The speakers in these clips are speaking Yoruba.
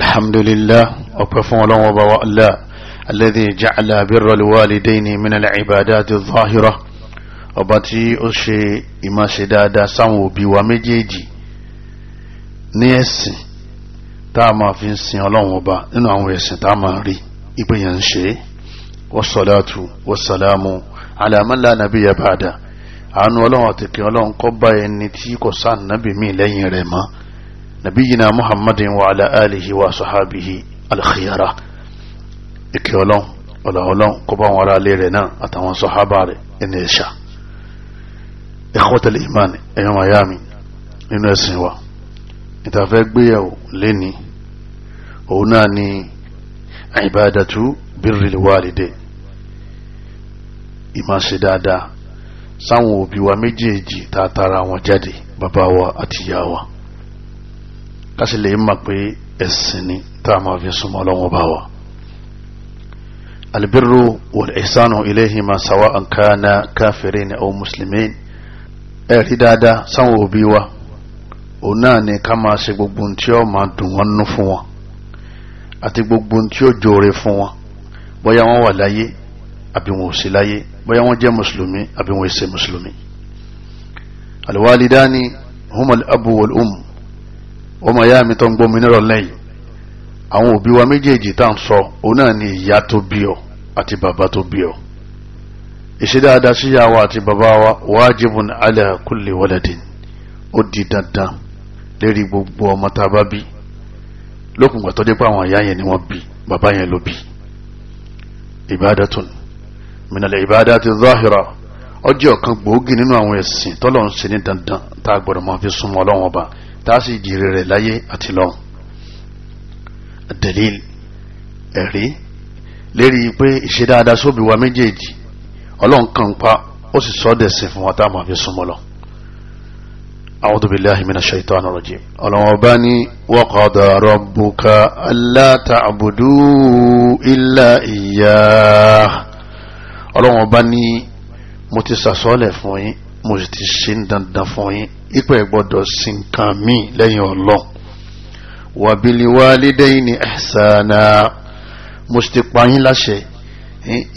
الحمد لله وكفو لهم وبواء الله الذي جعل بر الوالدين من العبادات الظاهرة وباتي أشي إما شدادا سامو بوامجيجي نيسي tá a máa fi ń sin ọlọ́run ọba nínú àwọn ẹ̀sìn tá a máa rí ipe yẹn ń ṣe é wasalaatu wasalaamu alamala nabi yabada àánú ọlọ́run àtẹ̀kẹ́ ọlọ́run kọ́ bá ẹni tí kò sá nàbì mí lẹ́yìn rẹ̀ mọ́ نبينا محمد وعلى آله وصحابه الخيارة إكيولون ولا هولون قبان ولا ليرنا أتوان صحابة إنيشا إخوة الإيمان أيام أيامي إنو يسنوا إتفاق بيو لني هناني عبادة بر الوالد إما سدادا sáwọn òbí wa méjèèjì tààtàrà wọn jáde bàbá wa àti ìyá wa kásì lè mọ̀ pé ẹ̀sìn ni tá a máa fi súnmọ́ ọlọ́wọ́ bá wa. albirru wal ihsanu ilayhima sawa'an kana kafirin aw muslimin ẹ̀rí dáadáa sáwọn òbí wa òun náà ni ká máa gbogbo tí ó máa dùn wọn nú fún wọn àti gbogbo tí ó jòrè fún wọn bóyá wọn wà láyé àbí wọn ò sí láyé bóyá wọn jẹ́ mùsùlùmí àbí wọn ò ṣe alwalidani humal abu wal um ọmọ ìyá mi tó ń gbọ́ mi nírọ̀ lẹ́yìn àwọn òbí wa méjèèjì tá à sọ òun náà ni ìyá tó bí ọ àti bàbá tó bí ọ ìṣe dáadáa sí ìyá wa àti bàbá wa wájibun ala kulli waladin ó di dandan lérí gbogbo ọmọ tá a bá bí lókun gbà tó dé pé àwọn ìyá yẹn ni wọ́n bí bàbá yẹn ló bí ibadatun minal ibadati zahira ọjọ́ kan gbòógì nínú àwọn ẹ̀sìn tọ́lọ́ ń ṣe ní dandan tá a gbọ́dọ̀ máa fi súnmọ́ ọlọ́wọ́n ọba tààsì jèrè rẹ̀ láyé àti lọ́run dalil ẹ̀rí lérí pé ìṣe dáadáa sóbi wa méjèèjì ọlọ́run kan pa ó sì sọ dẹ̀sìn fún wa tá a máa fi súnmọ́ lọ. a'udhu billahi minash shaitani rajim ọlọ́run ọba ní wa qada rabbuka alla ta'budu illa iyyah ọlọ́run ọba ní mo ti sàsọ́ọ̀lẹ̀ ipe gbọ́dọ̀ sí nǹkan míì lẹ́yìn ọlọ́n wàbíliwálídẹ́yìn ní ẹ̀sánà mo sì ti pa yín láṣẹ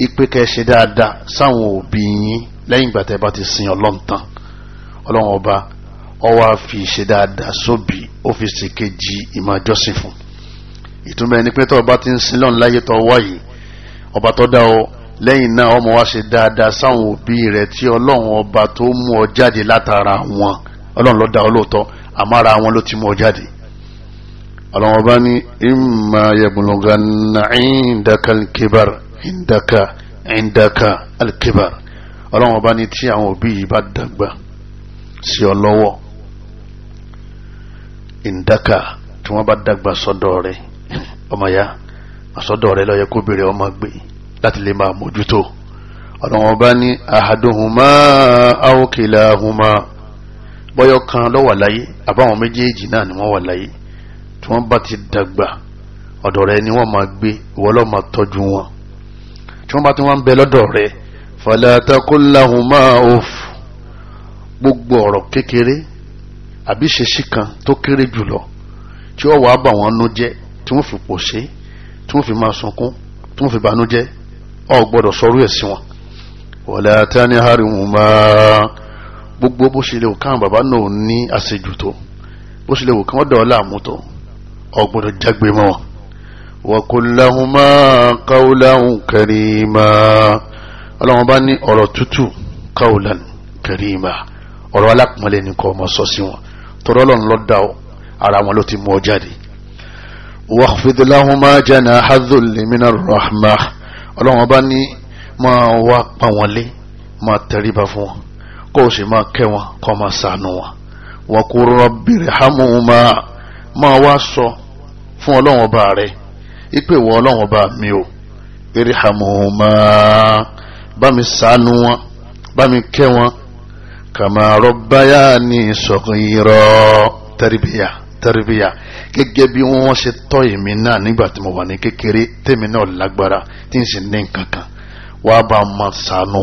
ipe kẹṣẹ dáadáa sáwọn òbí yín lẹ́yìn ìgbà tẹ́ bá ti sin ọlọ́n tán ọlọ́run ọba ọwọ́ àfi ṣe dáadáa sóbì ọ́fíìsì kejì ìmọ̀jọ́sìn fún ìtumọ̀ ẹni pé tọ́ ọba ti ń sin lọ́n láyé tọ́ wáyé ọba tó dá ọ lẹ́yìn náà ọmọ wa ṣe dáadáa sáwọn òbí rẹ̀ tí ọlọ́run ọba tó mú ọ jáde látara wọn ọlọ́run ló dá ọ lóòótọ́ àmọ́ra wọn ló ti mú ọ jáde ọlọ́run ọba ní imma yablughanna indaka alkibar indaka indaka alkibar ọlọ́run ọba ní tí àwọn òbí yìí bá dàgbà sí ọ lọ́wọ́ indaka tí wọ́n bá dàgbà sọ́dọ̀ rẹ ọmọ ya àsọ́dọ̀ rẹ ló kó bèrè ọmọ gbé láti lè máa mójútó ọlọ́run ọba ní ahaduhuma aw kilahuma bọ́yọ̀ kan ló wà láyé àbáwọn méjèèjì náà ni wọ́n wà láyé tí wọ́n bá ti dàgbà ọ̀dọ̀ rẹ ni wọ́n máa gbé ìwọ ló máa tọ́jú wọn tí wọ́n bá ti wọ́n ń bẹ lọ́dọ̀ rẹ fala taqul lahuma gbogbo ọ̀rọ̀ kékeré àbí ṣèṣì kan tó kéré jùlọ tí wọ́n wàá bà wọ́n nú jẹ́ tí wọ́n fi pòṣé tí wọ́n fi máa sunkún tí wọ́n fi banú jẹ́ ọ̀ sọrú ẹ̀ sí wọn wala tanharhuma gbogbo bó ṣe lè kàn bàbá náà ní àṣejù tó bó ṣe lè wò kàn ọ̀dọ̀ ọ̀làmú tó ọ̀gbọ́dọ̀ jágbe mọ́ wọn. wa qul lahuma qawlan karima ọlọ́wọ́n bá ní ọ̀rọ̀ tútù qawlan karima ọ̀rọ̀ alápọ̀nlé ni kò mọ̀ sọ sí wọn tọ́rọ ọlọ́run ló dá ara wọn ló ti mú ọ jáde. wakhfid lahuma janaha dhulli minar rahmah ọlọ́wọ́n bá ní máa wá pa wọn lé máa tẹríba fún wọn kó o sì máa kẹ́ wọn kó o máa sànù wọn wa qur rabbi irhamhuma máa wá sọ fún ọlọ́run ọba rẹ ipe ìwọ ọlọ́run ọba mi o irhamhuma bá mi sànù wọn bá mi kẹ́ wọn kama rabbayani saghira tẹ́rìbìyà tẹ́rìbìyà gẹ́gẹ́ bí wọ́n ṣe tọ́ èmi náà nígbà tí mo wà ní kékeré tèmi náà lágbára tí n sì ní nǹkan kan wàá bá a máa sànù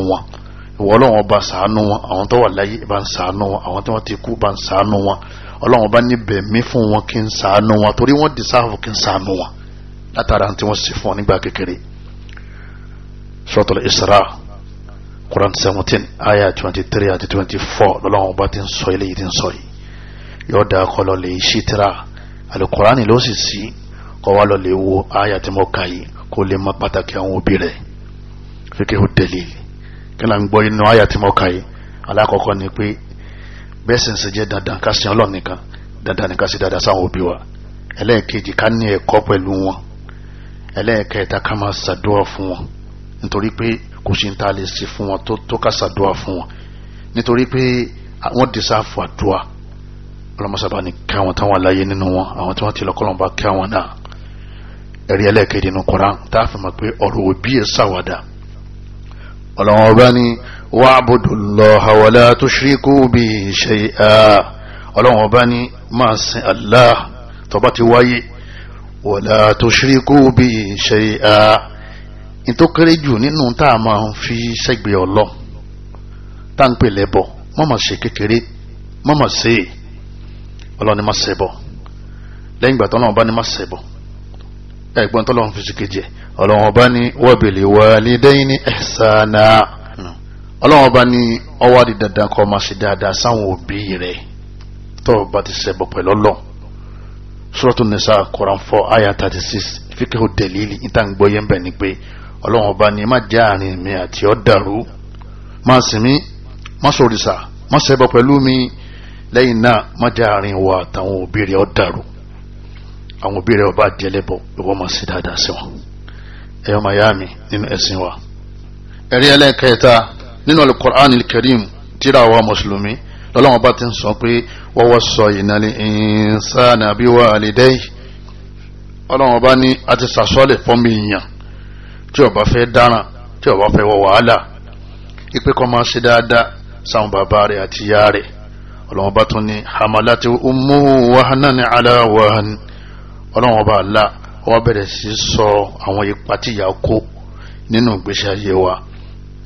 ìwọ ọlọ́run ọba ṣàánú wọn àwọn tó wà láyé bá ń ṣàánú wọn àwọn tí wọ́n ti kú bá ń ṣàánú wọn ọlọ́run ọba níbẹ̀ mí fún wọn kí n ṣàánú wọn torí wọ́n dìsáàfù kí n ṣàánú wọn látara tí wọ́n sì fún wọn nígbà kékeré suratul Isra Quran seventeen ayah twenty three àti twenty four lọ́lọ́run ọba ti ń sọ eléyìí ti ń sọ yìí yóò da ọkọ lọ lè ṣí tira alukurani ló sì sí kọ́ wa lọ lè wo ayah tí mo kà yìí kó lè má pàtàkì kí la ń gbọ́ inú àyà tí mo kà yìí alákọ̀ọ́kọ́ ni pé bẹ́ẹ̀ sì ń ṣe jẹ́ dandan ká sin ọlọ́run nìkan dandan nìkan sí dáadáa sáwọn òbí wa ẹlẹ́ẹ̀kejì ká ní ẹ̀kọ́ pẹ̀lú wọn ẹlẹ́ẹ̀kẹta ká máa ṣàdúrà fún wọn nítorí pé kò sí ní ta lè ṣe fún wọn tó ká ṣàdúrà fún wọn nítorí pé wọ́n ti sáfù àdúrà ọlọ́mọṣàbá ni kí àwọn táwọn aláyé nínú wọn àwọn tí wọ́n ti lọ́kọ́lọ́mọba kí àwọn náà ẹ̀rí ẹlẹ́ẹ̀kejì nínú Kùránì tá a fi mọ̀ pé ọ̀rọ̀ òbí ẹ̀ ṣàwàdà ọlọ́run ọba ní wa'budullaha wala tushriku bihi shay'a ọlọ́run ọba ní máa sin Allah tó bá ti wáyé wala tushriku bihi shay'a ìtò kéré jù nínú tá a máa fi sẹ́gbẹ̀ẹ́ ọlọ́ tá n pè lẹ́bọ̀ mọ́mọ́ ṣe kékeré mọ́mọ́ ṣe ọlọ́ni má ṣẹbọ lẹ́yìn ìgbà tó náà bá má ṣẹbọ ẹ̀gbọ́n tọ́lọ́run fi ṣìkejì ọlọ́run ọba ní wọ́bìlì wàlídẹ́yìnì ẹ̀sánà ọlọ́run ọba ní ọwọ́ àdì dandan kọ́ máa ṣe dáadáa sáwọn òbí rẹ̀ tó o bá ti ṣẹbọ pẹ̀lú ọlọ́run Suratun Nisa Quran four aya thirty six fíkẹ́hù dẹ̀lílì níta ń gbọ́ yẹn bẹ̀ ni pé ọlọ́run ọba ní má jẹ́ àárín mi àti ọ́ dàrú má sinmi má sòrìṣà má ṣẹbọ pẹ̀lú mi lẹ́yìn náà má jẹ́ àárín wa àtàwọn òbí rẹ̀ ọ́ dàrú àwọn òbí rẹ̀ ọba díẹ̀ lẹ́bọ̀ ìwọ máa ṣe dáadáa sí wọn ẹ̀yọ́ mayami nínú ẹ̀sìn wa. ẹ̀rí ẹlẹ́ẹ̀kẹta nínú alukur'an karim tíra wa mùsùlùmí lọ́lọ́wọ́n bá ti ń sọ pé wọ́n wọ́n sọ ìnáli ìsáànà bí wà àlídẹ́yì ọlọ́wọ́n bá ní a ti sàsọ́lẹ̀ fọ́nmi ìyàn tí ó fẹ́ dáràn tí ó fẹ́ wọ wàhálà ipe kọ́ máa ṣe dáadáa sáwọn bàbá rẹ̀ àti ìyá rẹ̀ ọlọ́wọ́n bá tún ní hamalati ummu wahanan ala wahan ọlọ́run ọba àlá wọ́n bẹ̀rẹ̀ sí sọ àwọn ipa tí ìyá kó nínú ìgbésí ayé wa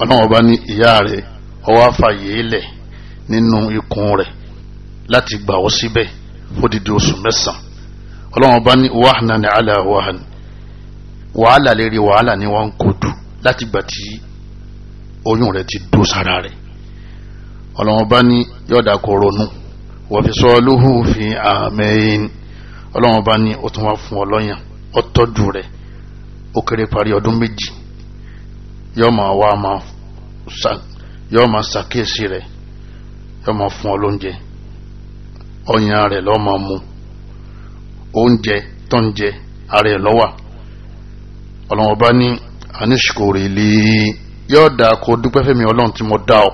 ọlọ́run ọba ní ìyá rẹ̀ ọwọ́ àfàyè ilẹ̀ nínú ikùn rẹ̀ láti gbà ọ́ síbẹ̀ fódìdí oṣù mẹ́sàn ọlọ́run ọba ní wàhánà ní àlà wàhánà wàhálà lérí wàhálà ni wọ́n ń kojú láti gbà tí oyún rẹ̀ ti dó sára rẹ̀ ọlọ́run ọba ní yọ̀dà kò ronú wọ́n fi sọ lóhùn fi àmẹ́yìn ọlọ́run bá ní ó tún wá fún ọ lọ́yàn ó tọ́jú rẹ̀ ó kéré parí ọdún méjì yóò máa wá yóò máa ṣàkíyèsí rẹ̀ yóò máa fún ọ lóúnjẹ ọyàn rẹ̀ lọ́ọ́ máa mu oúnjẹ tó ara ẹ̀ lọ́wà ọlọ́run bá ní anishkori lè yóò dáa kó dúpẹ́ fẹ́mi ọlọ́run tí mo dá ọ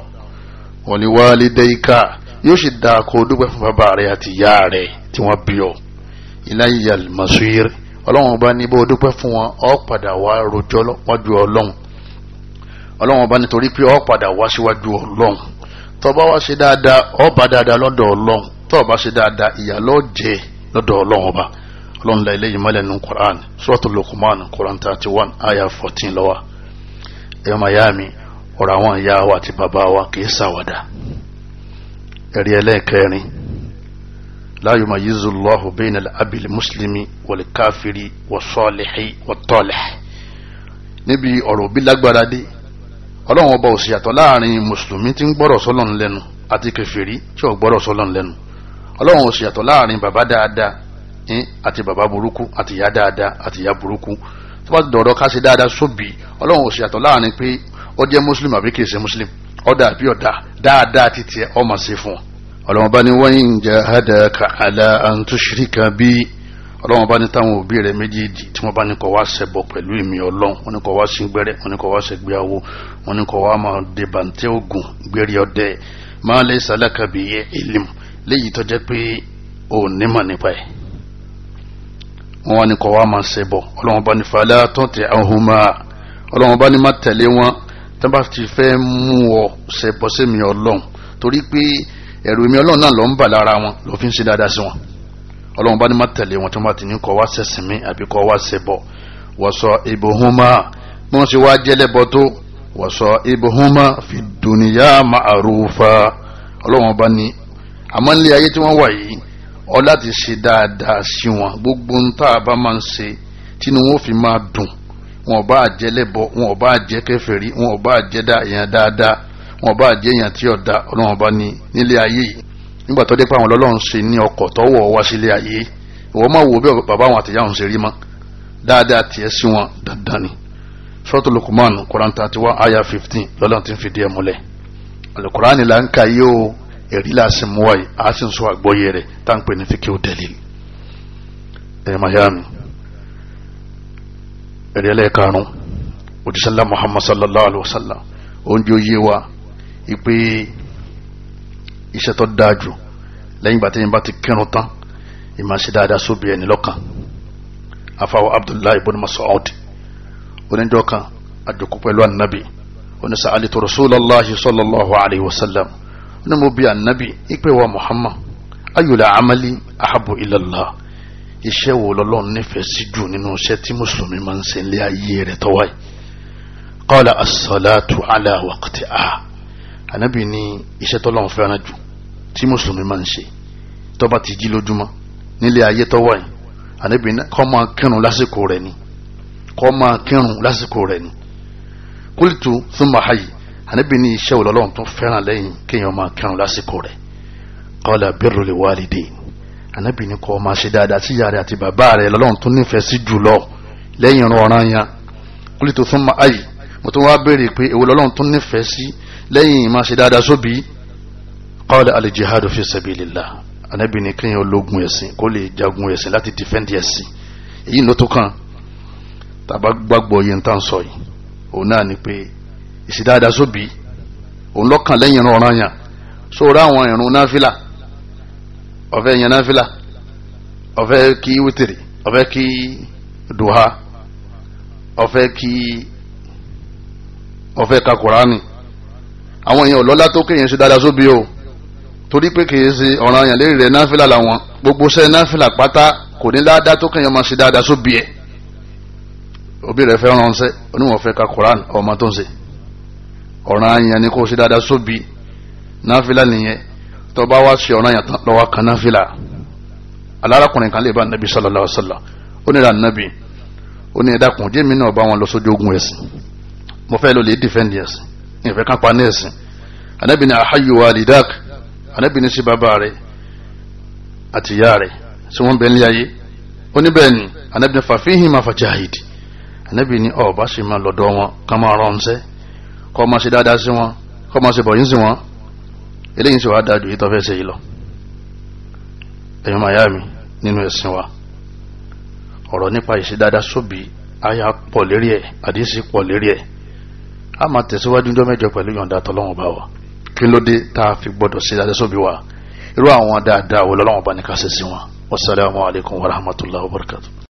wọ́n lè wá dẹ́yìká yóò sì dáa kó dúpẹ́ fún bàbá rẹ̀ àti ìyá rẹ̀ tí wọ́n bí ọ ilayya al-masir ọlọ́run ọba ní bó o dúpẹ́ fún wọn ọ padà wá rojọ́ wájú ọlọ́run ọlọ́run ọba nítorí pé ọ padà wá síwájú ọlọ́run tó bá wá ṣe dáadáa ọ bá dáadáa lọ́dọ̀ ọlọ́run tó bá ṣe dáadáa ìyà jẹ lọ́dọ̀ ọlọ́run ọba ọlọ́run la eléyìí mọ́lẹ̀ nínú Qur'an Suratul Luqman Qur'an thirty one ayah fourteen lọ́wọ́ ẹ̀yọ́ mayami ọ̀rọ̀ àwọn ìyá wa àti bàbá wa kì í ṣàwàdà ẹ̀rí ẹlẹ́ẹ̀kẹrin la yumayyizu Allahu bayna al-abi al-muslimi wal-kafiri was-salihi wat-talih níbi ọ̀rọ̀ òbí lágbára dé ọlọ́run ọba òsì yàtọ̀ láàrin mùsùlùmí tí ń gbọ́rọ̀ sọ́lọ́n lẹ́nu àti kèfèrí tí ò gbọ́rọ̀ sọ́lọ́n lẹ́nu ọlọ́run òsì yàtọ̀ láàrin bàbá dáadáa ní àti bàbá burúkú àti ìyá dáadáa àti ìyá burúkú tó bá dọ̀rọ̀ ká ṣe dáadáa sóbì ọlọ́run òsì yàtọ̀ láàrin pé ó jẹ́ mùsùlùmí àbí kìí ṣe mùsùlùmí ọ̀dà àbí ọ̀dà dáadáa ti tiẹ̀ ọmọ ṣe fún ọ ọlọ́wọ́n bá ní wọ́n jahadaka ala an tushrika bí ọlọ́wọ́n bá ní táwọn òbí rẹ̀ méjèèjì tí wọ́n bá ní kọ́ wá ṣẹbọ pẹ̀lú ìmì ọlọ́run wọ́n ní kọ́ wá sí gbẹ́rẹ́ wọ́n ní kọ́ wá ṣègbéyàwó wọ́n ní kọ́ wá máa de bàǹtẹ́ ògùn gbérí ọdẹ máa lè sàlákà bí yẹ ìlìm léyìí tó jẹ́ pé ò ní mà nípa ẹ̀ wọ́n wá ní kọ́ wá máa ṣẹbọ ọlọ́wọ́n bá ní falẹ́ àtọ́tẹ̀ ahùnmá ọlọ́wọ́n bá ní má tẹ̀lé wọn tí wọ́n bá ti fẹ́ mú ọ ṣẹbọ sí mi ọlọ́run torí pé ẹ̀rù èmi ọlọ́run náà lọ ń bà lára wọn lọ fi ń ṣe dáadáa sí wọn ọlọ́run bá ní má tẹ̀lé wọn tó má ti ní kọ́ wá sẹ̀sìn mi àbí kọ́ wá ṣẹbọ wọ́sọ ibùhúnmá bí wọ́n ṣe wá jẹ́lẹ́bọ tó wọ́sọ ibùhúnmá fi dùnìyà ma'rufa ọlọ́run bá ní àmọ́ nílé ayé tí wọ́n wà yìí ọ láti ṣe dáadáa sí wọn gbogbo ń tá a bá máa ń ṣe tínú wọn fi máa dùn wọn bá jẹ́lẹ́bọ wọn bá jẹ́ kèfèrí wọn ò bá jẹ́ dáadáa wọn bá àjẹyàn tí ọ̀dà ọlọ́run bá ní nílé ayé yìí nígbà tó dé pé àwọn ọlọ́run ṣe ní ọkọ̀ tọ́wọ̀ wá sílé ayé ìwọ máa wò bí bàbá àwọn àtìyá òun ṣe rí mọ́ dáadáa tiẹ̀ sí wọn dandan ni sọ́tò lukumanu koran thirty one aya fifteen lọ́lọ́run ti ń fìdí ẹ̀ múlẹ̀ alukurani là ń ka yìí o èrí là sì mú wáyé a sì ń sọ àgbọ́yé rẹ̀ tá ní fíkẹ́ òdẹ́lì ẹ̀rẹ́lẹ̀ karùn-ún òjísàlá muhammad sallallahu alayhi wa sallam oúnjẹ oyé wa ipe iṣẹ́ tó dáa jù lẹ́yìn ìgbà tẹ́yìn bá ti kírun tán ìmọ̀ ṣe dáadáa sóbi ẹni lọ́kàn afáwọ abdullahi ibn masoud oníjọ́ kan àjòkú pẹ̀lú anabi oníṣà alito rasulallah sallallahu alayhi wa sallam ní mo bi anabi ipe wa muhammad ayọ̀lẹ̀ amali ahabu ilallah iṣẹ́ wo lọ́lọ́run nífẹ̀ẹ́ sí jù nínú iṣẹ́ tí mùsùlùmí máa ń ṣe ilé ayé rẹ̀ tọ́wáyé qala as-salatu ala ànábì ní iṣẹ́ tọ́lọ́run fẹ́ràn jù tí mùsùlùmí máa ń ṣe tó bá ti jí lójúmọ́ nílé ayé tó yìí ànábì ní kó máa kírun lásìkò rẹ̀ ni kó máa kírun lásìkò rẹ̀ ni kúlìtù thumma hayy ànábì ní iṣẹ́ Ọlọ́run tó fẹ́ràn lẹ́yìn kéèyàn máa kírun lásìkò rẹ̀ qala birru li walidayn ànábì ní kó máa ṣe dáadáa sí ìyá rẹ̀ àti bàbá rẹ̀ lọ́lọ́run tó nífẹ̀ẹ́ sí jùlọ lẹ́yìn ọ̀ranyàn kúlìtù thumma hayy mo tún wá béèrè pé èwo lọ́lọ́run tún nífẹ̀ẹ́ sí lẹ́yìn máa ṣe dáadáa sóbì qala al jihadu fi sabilillah anabi ni kéèyàn ológun ẹ̀sìn kó lè jagun ẹ̀sìn láti dìfẹ́ǹdì ẹ̀sìn èyí ló tó kàn tàbá gbàgbọ́ yẹn tá à ń sọ yìí òun náà ni pé ìṣìdáadáa sóbì òun lọ́kàn lẹ́yìn ìran ọ̀ràn yàn sóòrò àwọn ìrun náfìlà ọ̀fẹ́ yẹn náfìlà ọ̀fẹ́ kí wítìrì ọ̀fẹ́ kí duha ọ̀fẹ́ kí ó fẹ́ ka kuraani àwọn èèyàn ọlọ́lá tó kéèyàn ṣe dáadáa sóbi o torí pé kìí ṣe ọ̀ràn àyàn lérí rẹ̀ náfìlà làwọn gbogbo sẹ́ náfìlà pátá kò ní dáadáa tó kéèyàn máa ṣe dáadáa sóbi ẹ̀ òbí rẹ̀ fẹ́ ránṣẹ́ oníwọ̀n fẹ́ ka kuraani ọmọ tó ń ṣe ọ̀ràn àyàn ni kò ṣe dáadáa sóbi náfìlà nìyẹn tó bá wá ṣe ọ̀ràn àyàn tán lọ́wọ́ kan náfìlà alárakùnrin kan lè bá nàbì sallallahu alaihi wasallam ó ní mo fẹ́ lọ lè defend yẹn sìn ìfẹ́ kápá ní ẹ̀sìn anábì ní ahayu walidak anábì ní sí bàbá rẹ̀ àti ìyá rẹ̀ sí wọ́n bẹ̀ ní ayé ó ní bẹ́ẹ̀ ni anábì ní fàfihìn máa fàjáhìdì anábì ní ọ̀bá sì máa lọ́dọ̀ wọn ká máa ránṣẹ́ kọ́ máa ṣe dáadáa sí wọn kọ́ máa ṣe bọ̀yìn sí wọn eléyìí sì wá dáa ju ìtọ́fẹ́ ṣe yìí lọ ẹ̀yin máa yá mi nínú ẹ̀sìn wa ọ̀rọ̀ nípa ìṣe dáadáa sóbì àyà pọ̀ lérí ẹ̀ àdìsí pọ̀ lérí ẹ̀ a máa tẹ̀síwájú ọjọ́ mẹ́jọ pẹ̀lú yọ̀ǹda tọ́lọ́wọ́n bá wa kí ló dé tá a fi gbọ́dọ̀ ṣe dáadáa sóbi wa irú àwọn dáadáa wo lọ́lọ́wọ́n bá ní ká ṣe sí wọn wasalaamualeykum wa rahmatulahi wa barakatu.